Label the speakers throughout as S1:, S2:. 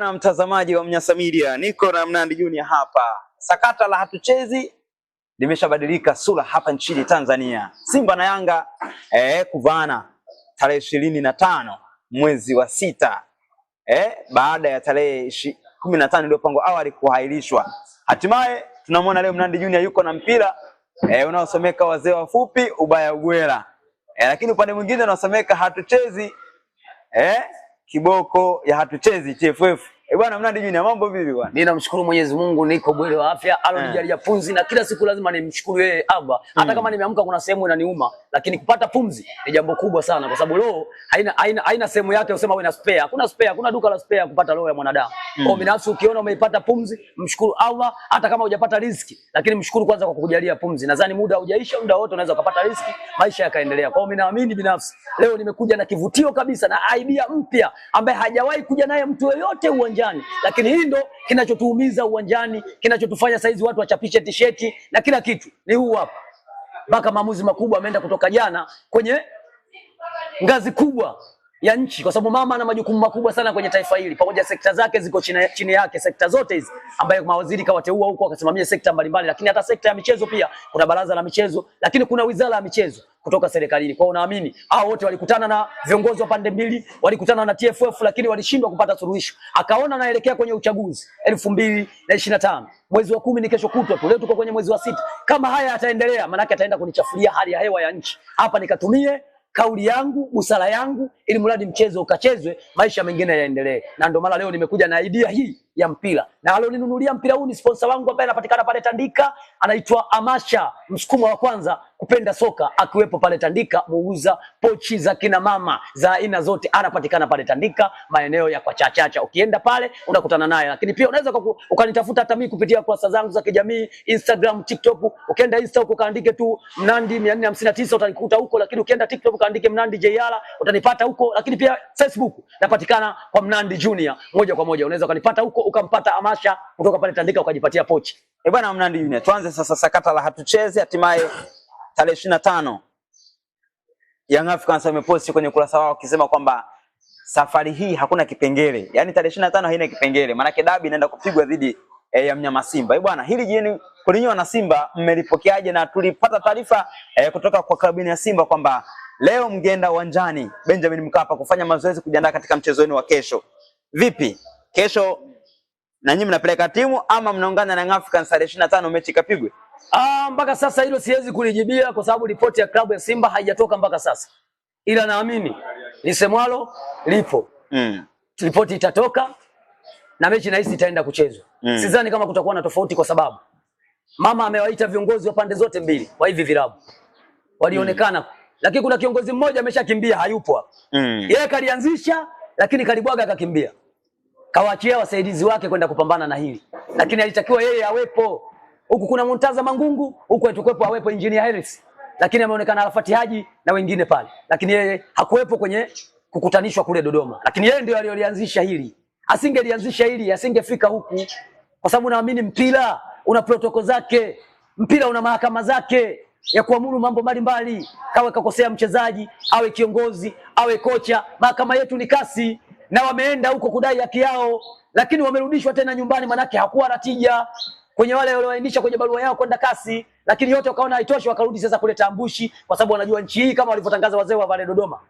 S1: Na mtazamaji wa Mnyasa Media, niko na Mnandi Junior hapa. Sakata la hatuchezi limeshabadilika sura hapa nchini Tanzania. Simba na Yanga eh, kuvana tarehe ishirini na tano mwezi wa sita eh, baada ya tarehe kumi na tano iliyopangwa awali kuhairishwa. Hatimaye tunamwona leo Mnandi Junior yuko na mpira eh, unaosomeka wazee wafupi ubaya ugwera eh, lakini upande mwingine unaosomeka hatuchezi eh, kiboko ya hatuchezi TFF Eh, bwana Mnandi Junior mambo vipi bwana? Mimi
S2: namshukuru Mwenyezi Mungu niko bwele wa afya, alonijalia yeah, pumzi na kila siku lazima nimshukuru yeye Allah. Hata mm, kama nimeamka kuna sehemu inaniuma, lakini kupata pumzi ni jambo kubwa sana kwa sababu roho haina haina, haina sehemu yake usema wewe na spare. Hakuna spare, hakuna duka la spare kupata roho ya mwanadamu. Mm. Kwa binafsi ukiona umeipata pumzi, mshukuru Allah hata kama hujapata riziki, lakini mshukuru kwanza kwa kukujalia pumzi. Nadhani muda hujaisha, muda wote unaweza kupata riziki, maisha yakaendelea. Kwa hiyo mimi naamini binafsi leo nimekuja na kivutio kabisa na idea mpya ambaye hajawahi kuja naye mtu yeyote uwanja uwanjani, lakini hii ndo kinachotuumiza uwanjani, kinachotufanya saizi watu wachapishe tisheti na kila kitu ni huu hapa. Mpaka maamuzi makubwa ameenda kutoka jana kwenye ngazi kubwa ya nchi, kwa sababu mama ana majukumu makubwa sana kwenye taifa hili, pamoja sekta zake ziko chini, chini yake, sekta zote hizi ambaye mawaziri kawateua huko akasimamia sekta mbalimbali, lakini hata sekta ya michezo pia kuna baraza la michezo, lakini kuna wizara ya michezo kutoka serikalini. Kwa unaamini hao wote walikutana na viongozi wa pande mbili, walikutana na TFF lakini walishindwa kupata suluhisho. Akaona naelekea kwenye uchaguzi 2025. Mwezi wa kumi ni kesho kutwa tu. Leo tuko kwenye mwezi wa sita. Kama haya yataendelea, maana yake ataenda kunichafulia hali ya hewa ya nchi. Hapa nikatumie kauli yangu, busara yangu, ili mradi mchezo ukachezwe, maisha mengine yaendelee. Na ndio maana leo nimekuja na idea hii ya mpira, na alioninunulia mpira huu ni sponsor wangu ambaye anapatikana pale Tandika, anaitwa Amasha, msukumo wa kwanza kupenda soka, akiwepo pale Tandika, muuza pochi za kina mama za aina zote, anapatikana pale Tandika, maeneo ya kwa Chachacha. Ukienda pale unakutana naye, lakini pia unaweza ukanitafuta hata mimi kupitia kurasa zangu za kijamii Instagram, TikTok. Ukienda Insta huko kaandike tu Mnandi 459 utanikuta huko, lakini ukienda TikTok kaandike Mnandi JR utanipata huko, lakini pia Facebook napatikana kwa Mnandi Junior moja kwa moja, unaweza ukanipata huko ukampata Amasha kutoka pale Tandika ukajipatia pochi.
S1: Eh, bwana Mnandi Junior, tuanze sasa sakata la hatucheze hatimaye tarehe 25. Young Africans wameposti kwenye kurasa wao wakisema kwamba safari hii hakuna kipengele. Yaani tarehe 25 haina kipengele. Maana dabi inaenda kupigwa dhidi eh, ya mnyama Simba. Eh, bwana hili jieni kwa ninyi wana Simba mmelipokeaje na tulipata taarifa eh, kutoka kwa klabu ya Simba kwamba leo mgeenda uwanjani Benjamin Mkapa kufanya mazoezi kujiandaa katika mchezo wenu wa kesho. Vipi? Kesho na nyinyi mnapeleka timu ama mnaungana na African saa 25 mechi ikapigwe?
S2: Ah, mpaka sasa hilo siwezi kulijibia kwa sababu ripoti ya klabu ya Simba haijatoka mpaka sasa, ila naamini lisemwalo lipo mm. Ripoti itatoka na mechi nahisi itaenda kuchezwa mm. Sidhani kama kutakuwa na tofauti, kwa sababu mama amewaita viongozi wa pande zote mbili wa hivi vilabu walionekana mm. Lakini kuna kiongozi mmoja ameshakimbia hayupo hapa mm. Yeye kalianzisha, lakini kalibwaga akakimbia kawaachia wasaidizi wake kwenda kupambana na hili, lakini alitakiwa yeye awepo. Huku kuna Muntaza Mangungu, huku atukwepo awepo Engineer Harris, lakini ameonekana Arafati Haji na wengine pale, lakini yeye hakuwepo kwenye kukutanishwa kule Dodoma, lakini yeye ndio aliyolianzisha hili. Asingelianzisha hili asingefika huku, kwa sababu naamini mpira una protokoli zake, mpira una mahakama zake ya kuamuru mambo mbalimbali, kawe kakosea mchezaji, awe kiongozi, awe kocha. Mahakama yetu ni kasi na wameenda huko kudai haki yao, lakini wamerudishwa tena nyumbani, manake hakuwa na tija kwenye wale walioainisha kwenye barua yao kwenda kasi, lakini yote wakaona haitoshi, wakarudi sasa kuleta ambushi, kwa sababu wanajua nchi hii kama walivyotangaza wazee wa pale Dodoma,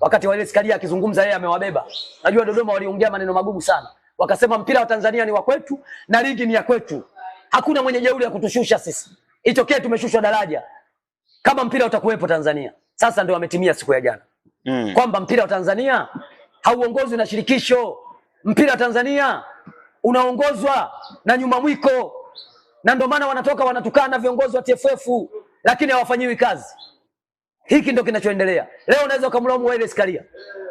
S2: wakati wale Sikaria akizungumza yeye amewabeba. Najua Dodoma waliongea maneno magumu sana, wakasema mpira wa Tanzania ni wa kwetu na ligi ni ya kwetu, hakuna mwenye jeuri ya kutushusha sisi, itokee tumeshushwa daraja kama mpira utakuwepo Tanzania. Sasa ndio wametimia siku ya jana mm, kwamba mpira wa Tanzania hauongozwi na shirikisho. Mpira wa Tanzania unaongozwa na nyuma mwiko, na ndio maana wanatoka wanatukana na viongozi wa TFF, lakini hawafanyiwi kazi. Hiki ndio kinachoendelea leo. Unaweza kumlaumu Wallace Karia,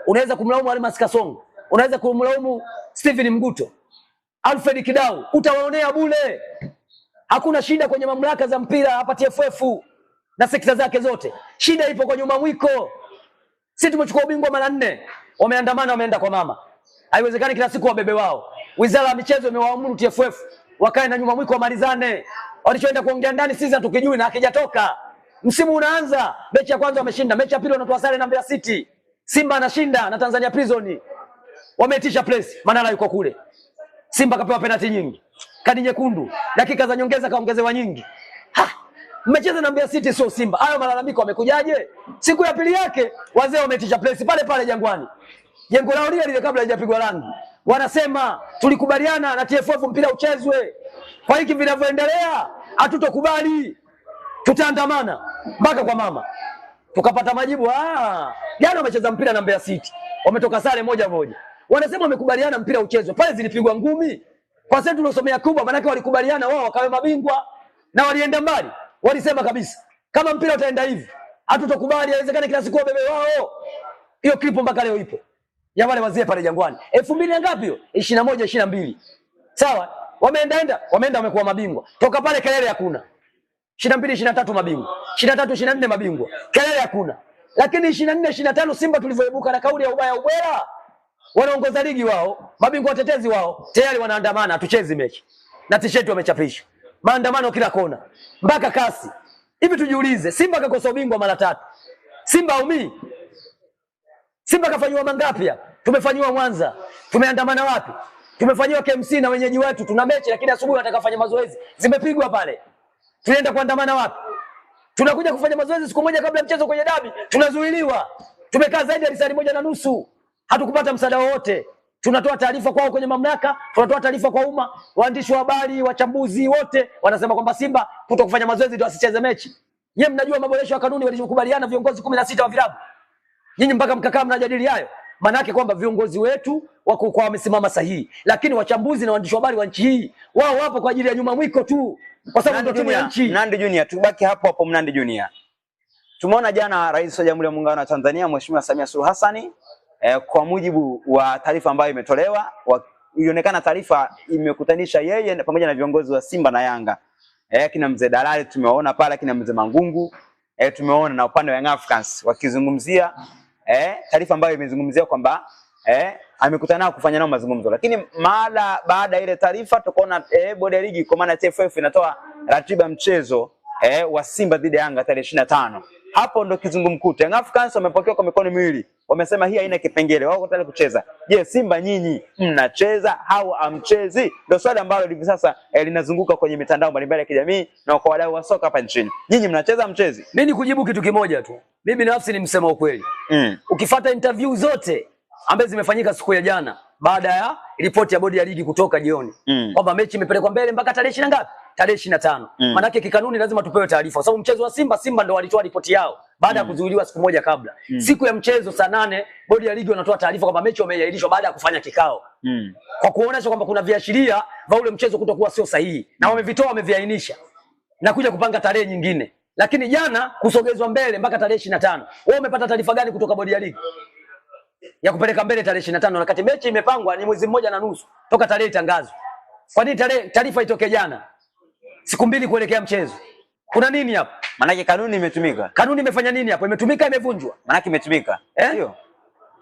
S2: unaweza kumlaumu Almas Kasongo, unaweza kumlaumu Stephen Mguto, Alfred Kidau, utawaonea bure. Hakuna shida kwenye mamlaka za mpira hapa TFF na sekta zake zote, shida ipo kwa nyuma mwiko. Sisi tumechukua ubingwa mara nne wameandamana, wameenda kwa mama. Haiwezekani kila siku wabebe wao. Wizara ya michezo imewaamuru TFF wakae na nyuma mwiko wamalizane. Walichoenda kuongea ndani sisi hatukijui na hakijatoka. Msimu unaanza, mechi ya kwanza wameshinda, mechi ya pili wanatoa sare na Mbeya City. Simba anashinda na Tanzania Prison. Wameitisha press, Manara yuko kule. Simba kapewa penalti nyingi, kadi nyekundu, dakika za nyongeza kaongezewa nyingi. Mmecheza na Mbeya City sio Simba. Hayo malalamiko yamekujaje? Siku ya pili yake wazee wametisha place pale pale Jangwani. Jengo lao lile lile kabla halijapigwa rangi. Wanasema tulikubaliana na TFF mpira uchezwe. Kwa hiki vinavyoendelea hatutokubali. Tutaandamana mpaka kwa mama. Tukapata majibu ah, jana wamecheza mpira na Mbeya City. Wametoka sare moja moja. Wanasema wamekubaliana mpira uchezwe. Pale zilipigwa ngumi. Kwa sababu tunasomea kubwa manake walikubaliana wao wakawe mabingwa na walienda mbali. Walisema kabisa kama mpira utaenda hivi hatutokubali, haiwezekani kila siku wabebe wao. Hiyo klipu mpaka leo ipo ya wale wazee pale Jangwani, elfu mbili na ngapi hiyo, ishirini na moja ishirini na mbili sawa. Wameendaenda wameenda wamekuwa mabingwa toka pale, kelele hakuna. ishirini na mbili ishirini na tatu mabingwa, ishirini na tatu ishirini na nne mabingwa, kelele hakuna. Lakini ishirini na nne ishirini na tano Simba tulivyoibuka na kauli ya ubaya ubwela, wanaongoza ligi wao, mabingwa watetezi wao, tayari wanaandamana, hatuchezi mechi na tisheti wamechapisha maandamano kila kona, mpaka kasi hivi. Tujiulize, Simba kakosa ubingwa mara tatu, Simba haumii? Simba kafanyiwa mangapi? tumefanyiwa Mwanza, tumeandamana wapi? Tumefanyiwa KMC na wenyeji wetu, tuna mechi lakini asubuhi wanataka kufanya mazoezi, zimepigwa pale. Tunaenda kuandamana wapi? Tunakuja kufanya mazoezi siku moja kabla mchezo kwenye dabi, tunazuiliwa. Tumekaa zaidi ya risali moja na nusu, hatukupata msaada wowote. Tunatoa taarifa kwao kwenye mamlaka, tunatoa taarifa kwa umma, waandishi wa habari, wachambuzi wote wanasema kwamba Simba kuto kufanya mazoezi ndio asicheze mechi. Nyie mnajua maboresho ya kanuni walikubaliana viongozi 16 wa vilabu. Nyinyi mpaka mkakaa mnajadili hayo. Maana yake kwamba viongozi wetu wako kwa wamesimama sahihi, lakini wachambuzi na waandishi wa habari wa nchi hii wao wapo kwa ajili ya nyuma mwiko tu, kwa sababu ndio timu ya nchi. Nandi Junior, tubaki hapo hapo. Mnandi Junior, tumeona jana Rais wa Jamhuri ya Muungano wa Tanzania Mheshimiwa Samia Suluhu Hassani eh, kwa mujibu wa taarifa ambayo imetolewa, ilionekana taarifa imekutanisha yeye pamoja na viongozi wa Simba na Yanga eh, kina mzee Dalali tumewaona pale, kina mzee Mangungu eh, tumeona na upande wa Young Africans wakizungumzia eh, taarifa ambayo imezungumzia kwamba eh, amekutana kufanya nao mazungumzo, lakini mara baada ile taarifa tukaona eh, bodi ya ligi kwa maana TFF inatoa ratiba mchezo eh, wa Simba dhidi ya Yanga tarehe 25. Hapo ndo kizungumkuti. Young Africans wamepokea kwa mikono miwili wamesema hii haina kipengele, wao wanataka kucheza. Je, Simba nyinyi mnacheza au amchezi? Ndio swali ambalo hivi sasa eh, linazunguka kwenye mitandao mbalimbali ya kijamii na kwa wadau wa soka hapa nchini. Nyinyi mnacheza mchezi? Mimi nikujibu kitu kimoja tu, mimi nafsi ni msema ukweli mm. Ukifuata interview zote ambazo zimefanyika siku ya jana baada ya ripoti ya bodi ya ligi kutoka jioni mm. kwamba mechi imepelekwa mbele mpaka tarehe 20 ngapi? Tarehe 25. Mm. Maanake kikanuni lazima tupewe taarifa kwa sababu mchezo wa Simba, Simba ndo walitoa ripoti yao baada ya mm. kuzuiliwa siku moja kabla mm. siku ya mchezo saa nane bodi ya ligi wanatoa taarifa kwamba mechi wameiahirishwa baada ya kufanya kikao mm. kwa kuonesha kwamba kuna viashiria vya ule mchezo kutokuwa sio sahihi mm. na wamevitoa, wameviainisha na kuja kupanga tarehe nyingine, lakini jana kusogezwa mbele mpaka tarehe 25. Wewe umepata taarifa gani kutoka bodi ya ligi? ya kupeleka mbele tarehe 25 wakati mechi imepangwa ni mwezi mmoja na nusu toka tarehe itangazwe. Kwa nini tarehe taarifa itoke jana? Siku mbili kuelekea mchezo. Kuna nini hapa? Maanake kanuni imetumika. Kanuni imefanya nini hapo? Imetumika imevunjwa? Maanake imetumika. Eh? Sio.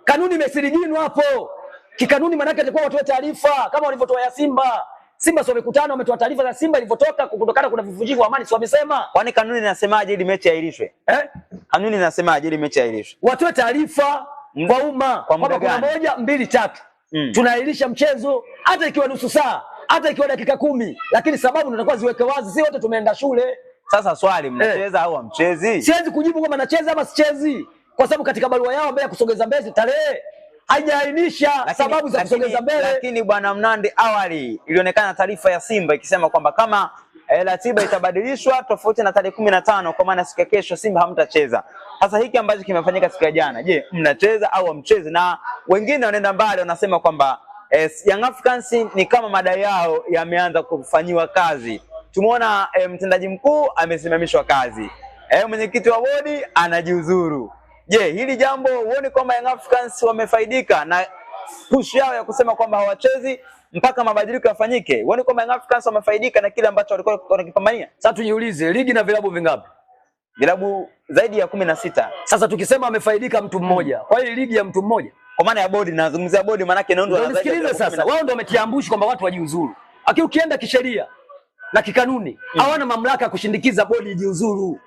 S2: Kanuni imesirijinu hapo. Kikanuni maanake alikuwa watoe taarifa kama walivyotoa ya Simba. Simba sio mikutano wametoa taarifa za Simba ilivyotoka kutokana kuna vivujivu amani sio wamesema. Kwani kanuni inasemaje ili mechi ailishwe? Eh? Kanuni inasemaje ili mechi ailishwe? Watoe taarifa kwa umma kwamba kuna moja mbili tatu mm. tunaahirisha mchezo hata ikiwa nusu saa hata ikiwa dakika kumi, lakini sababu tunatakiwa ziweke wazi, si wote tumeenda shule. Sasa swali eh. mnacheza eh, au hamchezi? Siwezi kujibu kwamba nacheza ama sichezi, kwa sababu katika barua yao ambayo ya kusogeza mbele tarehe haijaainisha sababu za kusogeza mbele. Lakini bwana Mnandi, awali ilionekana taarifa ya Simba ikisema kwamba kama e, ratiba itabadilishwa tofauti na tarehe kumi na tano kwa maana siku ya kesho Simba hamtacheza. Sasa hiki ambacho kimefanyika siku ya jana, je, mnacheza au hamchezi? Na wengine wanaenda mbali wanasema kwamba eh, Young Africans ni kama madai yao yameanza kufanyiwa kazi. Tumeona eh, mtendaji mkuu amesimamishwa kazi, e, mwenyekiti wa bodi anajiuzuru. Je, hili jambo huoni kwamba Young Africans wamefaidika na push yao ya kusema kwamba hawachezi mpaka mabadiliko yafanyike. Uone kwamba Young Africans wamefaidika na kile ambacho walikuwa wanakipambania. Sasa tujiulize, ligi na vilabu vingapi? Vilabu zaidi ya kumi na sita. Sasa tukisema amefaidika mtu mmoja, kwa hiyo ligi ya mtu mmoja, kwa maana ya bodi, nazungumzia bodi, maanake yake nisikilize. Sasa wao ndio wametia ambushi kwamba watu wajiuzuru, lakini ukienda kisheria na kikanuni mm. hawana mm. mamlaka ya kushindikiza bodi ijiuzuru.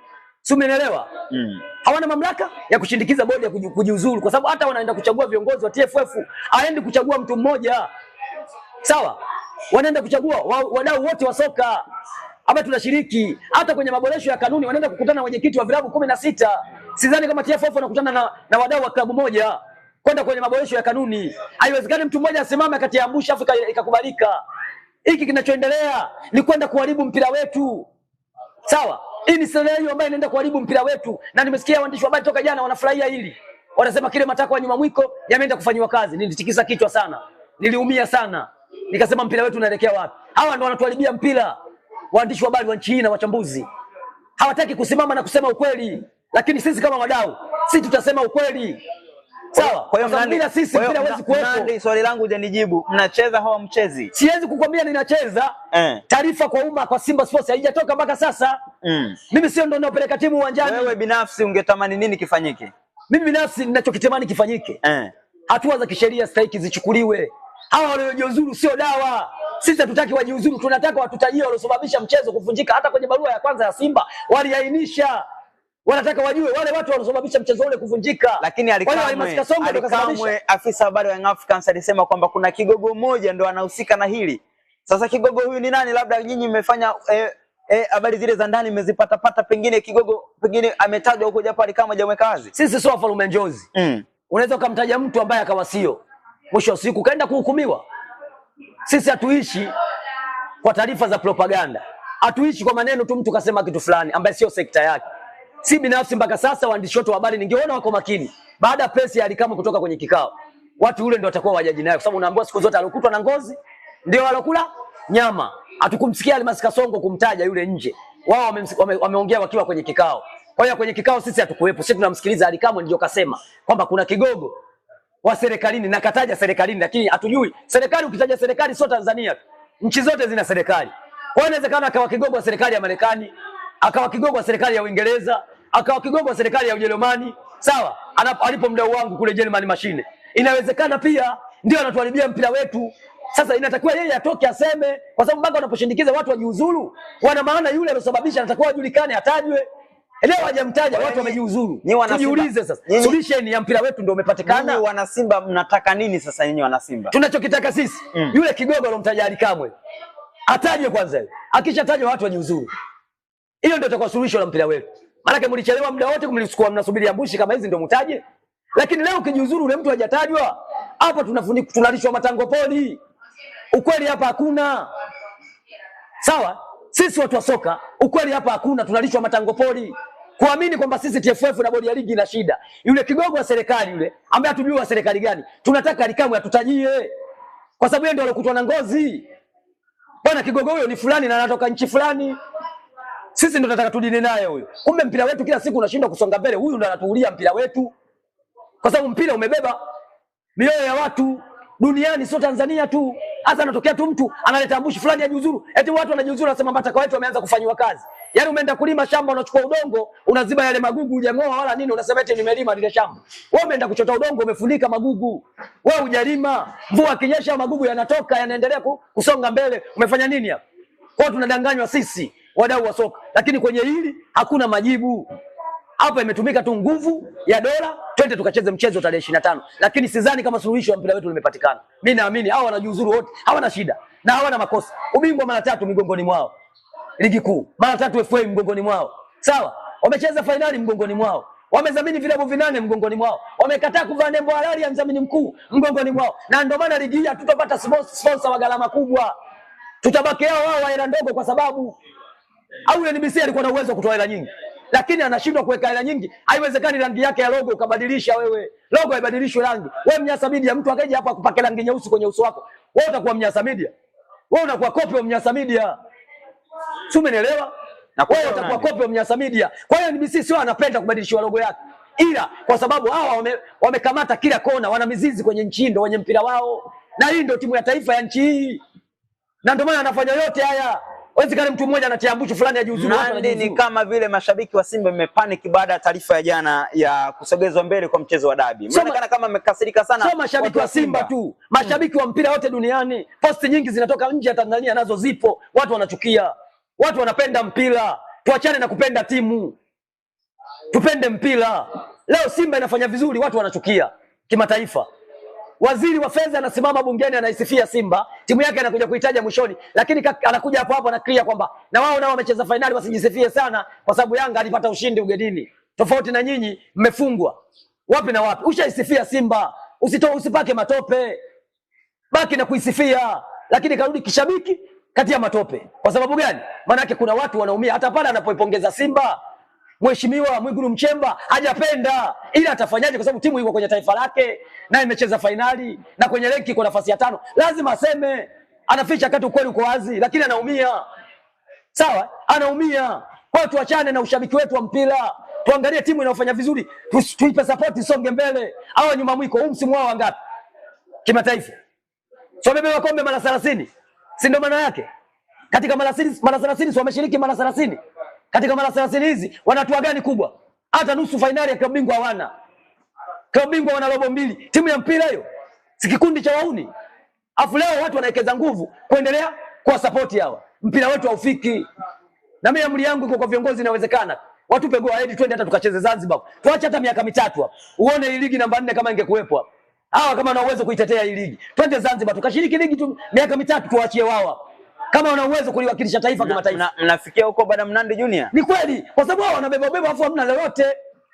S2: Si umeelewa? Mm. Hawana mamlaka ya kushindikiza bodi ya kujiuzuru kwa sababu hata wanaenda kuchagua viongozi wa TFF, aendi kuchagua mtu mmoja sawa, wanaenda kuchagua wadau wote wa soka ama tunashiriki hata kwenye maboresho ya kanuni, wanaenda kukutana na wenyekiti wa vilabu kumi na sita. Sidhani kama TFF wanakutana na, na wadau wa klabu moja kwenda kwenye maboresho ya kanuni. Haiwezekani mtu mmoja asimame kati ya ambusha afu ikakubalika. Hiki kinachoendelea ni kwenda kuharibu mpira wetu, sawa. Hii ni scenario ambayo inaenda kuharibu mpira wetu, na nimesikia waandishi wa habari toka jana wanafurahia hili, wanasema kile matakwa ya nyuma mwiko yameenda kufanywa kazi. Nilitikisa kichwa sana, niliumia sana nikasema mpira wetu unaelekea wapi? Hawa ndo wanatuharibia mpira, waandishi wa habari wa nchi hii na wachambuzi hawataki kusimama na kusema ukweli, lakini sisi kama wadau, sisi tutasema ukweli. Sawa. Kwa hiyo mimi na sisi mpira huwezi kuwepo. Nani, swali langu hujanijibu. Mnacheza hawa mchezi? Siwezi kukwambia ninacheza. Eh. Taarifa kwa umma kwa Simba Sports haijatoka mpaka sasa. Mm. Mimi sio ndo naopeleka timu uwanjani. Wewe binafsi ungetamani nini kifanyike? Mimi binafsi ninachokitamani kifanyike. Eh. Hatua za kisheria stahiki zichukuliwe hawa waliojiuzuru sio dawa. Sisi hatutaki wajiuzuru, tunataka watutajie waliosababisha mchezo kuvunjika. Hata kwenye barua ya kwanza ya Simba waliainisha wanataka wajue wale watu waliosababisha mchezo ule kuvunjika. Lakini Alikamwe, afisa habari wa Young Africans, alisema kwamba kuna kigogo mmoja ndo anahusika na hili. Sasa kigogo huyu ni nani? Labda nyinyi mmefanya habari eh, eh, zile za ndani mmezipata pata, pengine kigogo pengine ametajwa huko, japo Alikamwe hajamweka wazi. Sisi sio wafalume njozi mm. Unaweza ukamtaja mtu ambaye akawa sio mwisho wa siku kaenda kuhukumiwa. Sisi hatuishi kwa taarifa za propaganda, hatuishi kwa maneno tu, mtu kasema kitu fulani ambaye sio sekta yake. Si binafsi, mpaka sasa waandishi wote wa habari ningeona wako makini. Baada pesi ya Alikama kutoka kwenye kikao, watu yule ndio watakuwa wajaji naye, kwa sababu unaambiwa siku zote alokutwa na ngozi ndio alokula nyama. Hatukumsikia Almas Kasongo kumtaja yule nje, wao wameongea wakiwa kwenye kikao. Kwa hiyo kwenye kikao sisi hatukuwepo, sisi tunamsikiliza Alikama ndio kasema kwamba kuna kigogo wa serikalini, nakataja serikalini, lakini hatujui serikali. Ukitaja serikali sio Tanzania, nchi zote zina serikali. Kwa hiyo inawezekana akawa kigogo wa serikali ya Marekani, akawa kigogo wa serikali ya Uingereza, akawa kigogo wa serikali ya Ujerumani, sawa, alipo mdau wangu kule German mashine. Inawezekana pia ndio anatuharibia mpira wetu. Sasa inatakiwa yeye atoke aseme, kwa sababu mpaka unaposhindikiza watu wajiuzuru, wana maana yule aliyosababisha anatakiwa ajulikane, atajwe. Leo hajamtaja watu yaani, wamejiuzuru. Ni Tujiulize sasa. Yaani, solution ya mpira wetu ndio umepatikana. Nyinyi wana Simba mnataka nini sasa nyinyi wana Simba? Tunachokitaka sisi mm. yule kigogo alomtaja Ali Kamwe. Ataje kwanza yule. Akishatajwa watu wajiuzuru. Hiyo ndio itakuwa solution ya mpira wetu. Maana kama mlichelewa muda wote kumlisukua mnasubiri ambushi kama hizi ndio mtaje. Lakini leo ukijiuzuru yule mtu hajatajwa. Hapa tunafunika tunalishwa matango poli. Ukweli hapa hakuna. Sawa? Sisi watu wa soka, ukweli hapa hakuna, tunalishwa matango poli kuamini kwamba sisi TFF na bodi ya ligi ina shida. Yule kigogo wa serikali yule ambaye hatujui wa serikali gani, tunataka alikamwe atutajie, kwa sababu yeye ndio alokutwa na ngozi. Bwana kigogo huyo ni fulani na anatoka nchi fulani, sisi ndio tunataka tudini naye huyo. Kumbe mpira wetu kila siku unashindwa kusonga mbele, huyu ndio anatuulia mpira wetu, kwa sababu mpira umebeba mioyo ya watu duniani, sio Tanzania tu. Hasa anatokea tu mtu analeta ambushi fulani ya juzuru, eti watu wanajiuzuru, wanasema mataka wetu wameanza kufanyiwa kazi. Yaani umeenda kulima shamba unachukua udongo, unaziba yale magugu hujang'oa wala nini, unasema eti nimelima lile shamba. Wewe umeenda kuchota udongo umefunika magugu. Wewe hujalima. Mvua kinyesha magugu yanatoka yanaendelea kusonga mbele. Umefanya nini hapa? Kwa tunadanganywa sisi wadau wa soka. Lakini kwenye hili hakuna majibu. Hapa imetumika tu nguvu ya dola, twende tukacheze mchezo tarehe 25. Lakini sidhani kama suluhisho ya mpira wetu limepatikana. Mimi naamini hawa wanajiuzuru wote, hawana shida na hawana makosa. Ubingwa mara tatu migongoni mwao ligi kuu, mara tatu FA mgongoni mwao, sawa. Wamecheza fainali mgongoni mwao, wamedhamini vilabu vinane mgongoni mwao, wamekataa kuvaa nembo halali ya mdhamini mkuu mgongoni mwao. Na ndio maana ligi hii hatutapata sponsor wa gharama kubwa, tutabaki hao hao wa hela ndogo, kwa sababu au NBC alikuwa na uwezo wa kutoa hela nyingi lakini anashindwa kuweka hela nyingi. Haiwezekani rangi yake ya logo ukabadilisha wewe. Logo haibadilishwi rangi. Wewe mnyasa media, mtu akaje hapa akupake rangi nyeusi kwenye uso wako, wewe utakuwa mnyasa media? Wewe unakuwa copy wa mnyasa media si umeelewa? Na kwa hiyo utakuwa copy wa Mnyasa Media. Kwa hiyo NBC sio anapenda kubadilishiwa logo yake, ila kwa sababu hawa wamekamata wame kila kona, wana mizizi kwenye nchi, ndo wenye mpira wao, na hii ndio timu ya taifa ya nchi hii, na ndio maana anafanya yote haya. Wezekana mtu mmoja anatia mbuchu fulani ya juzuru ajiuzuru. Ni kama vile mashabiki wa Simba wamepanic baada ya taarifa ya jana ya kusogezwa mbele kwa mchezo wa dabi. Inaonekana kama amekasirika sana. Sio mashabiki wa Simba, Simba tu, hmm. mashabiki hmm, wa mpira wote duniani. Posti nyingi zinatoka nje ya Tanzania nazo zipo, watu wanachukia. Watu wanapenda mpira, tuachane na kupenda timu, tupende mpira. Leo Simba inafanya vizuri, watu wanachukia kimataifa. Waziri wa fedha anasimama bungeni anaisifia Simba, timu yake anakuja kuitaja mwishoni, lakini anakuja hapo hapo anakria kwamba na wao nao wamecheza fainali, wasijisifie sana kwa sababu Yanga alipata ushindi ugenini, tofauti na nyinyi mmefungwa. Wapi na wapi? Ushaisifia Simba, usito usipake matope, baki na kuisifia, lakini karudi kishabiki kati ya matope. Kwa sababu gani? Maanake kuna watu wanaumia. Hata pale anapoipongeza Simba, Mheshimiwa Mwigulu Mchemba hajapenda, ila atafanyaje? Kwa sababu timu iko kwenye taifa lake na imecheza fainali na kwenye renki kwa nafasi ya tano, lazima aseme. Anaficha kati, ukweli uko wazi, lakini anaumia. Sawa, anaumia. Kwa hiyo tuachane na ushabiki wetu wa mpira, tuangalie timu inayofanya vizuri, tuipe support, isonge mbele. Hawa nyuma mwiko, huu msimu wao wangapi kimataifa? So wa kombe mara 30 si ndio maana yake? Katika mara 30 mara 30 wameshiriki mara 30. Katika mara 30 hizi wanatua gani kubwa? Hata nusu fainali ya klabu bingwa hawana. Klabu bingwa wana robo mbili. Timu ya mpira hiyo si kikundi cha wauni. Afu leo watu wanawekeza nguvu kuendelea kuwa support hawa. Mpira wetu haufiki. Na mimi amri yangu iko kwa viongozi, inawezekana. Watupe go ahead twende hata tukacheze Zanzibar. Tuache hata miaka mitatu hapa. Uone hii ligi namba 4 kama ingekuwepo hapa hawa kama wana uwezo kuitetea hii ligi, twende Zanzibar tukashiriki ligi tu miaka mitatu, tuwaachie wawa kama wana uwezo kuliwakilisha taifa kimataifa. Mnafikia huko bwana Mnandi Junior? Ni kweli, kwa sababu wao wanabeba ubeba, afu hamna lolote.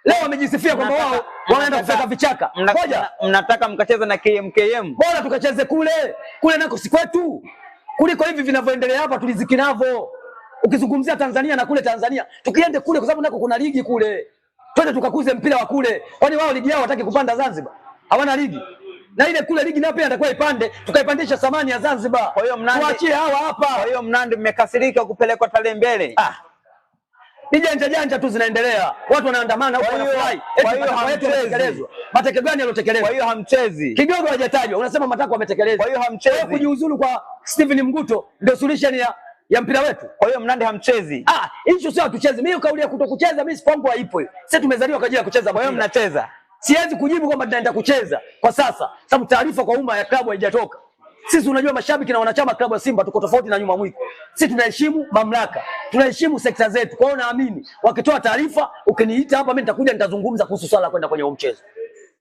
S2: Leo wamejisifia kwamba wao wanaenda kufyeka vichaka. Ngoja, mnataka mkacheze na KMKM, bora tukacheze kule kule, nako si kwetu, kuliko hivi vinavyoendelea hapa tuliziki navo. Ukizungumzia Tanzania na kule Tanzania, tukiende kule, kwa sababu nako kuna ligi kule, twende tukakuze mpira wa kule. Kwani wao ligi yao wataki kupanda Zanzibar? hawana ligi na ile kule ligi nayo pia atakuwa ipande, tukaipandisha thamani ya Zanzibar. Kwa hiyo Mnandi tuachie hawa hapa. Kwa hiyo Mnandi mmekasirika kupelekwa Tale mbele. Ah, ni janja janja tu zinaendelea, watu wanaandamana huko wanafurahi. Kwa hiyo hamtekelezwa mateke gani yalotekelezwa? Kwa hiyo hamchezi, kigogo hajatajwa, unasema matako yametekelezwa. Kwa hiyo hamchezi. Kujiuzulu kwa Stephen Mguto ndio solution ya ya mpira wetu. Kwa hiyo Mnandi hamchezi. Ah, issue sio hatuchezi. Mimi kauli ya kutokucheza mimi sifangu haipo hiyo. Sisi tumezaliwa kwa ajili ya kucheza. Kwa hiyo mnacheza. Siwezi kujibu kwamba tunaenda kucheza kwa sasa, sababu taarifa kwa umma ya klabu haijatoka. Sisi unajua, mashabiki na wanachama klabu ya Simba tuko tofauti na nyuma mwiko. Sisi tunaheshimu mamlaka, tunaheshimu sekta zetu. Kwa hiyo naamini wakitoa taarifa, ukiniita hapa mimi nitakuja, nitazungumza kuhusu swala kwenda kwenye mchezo.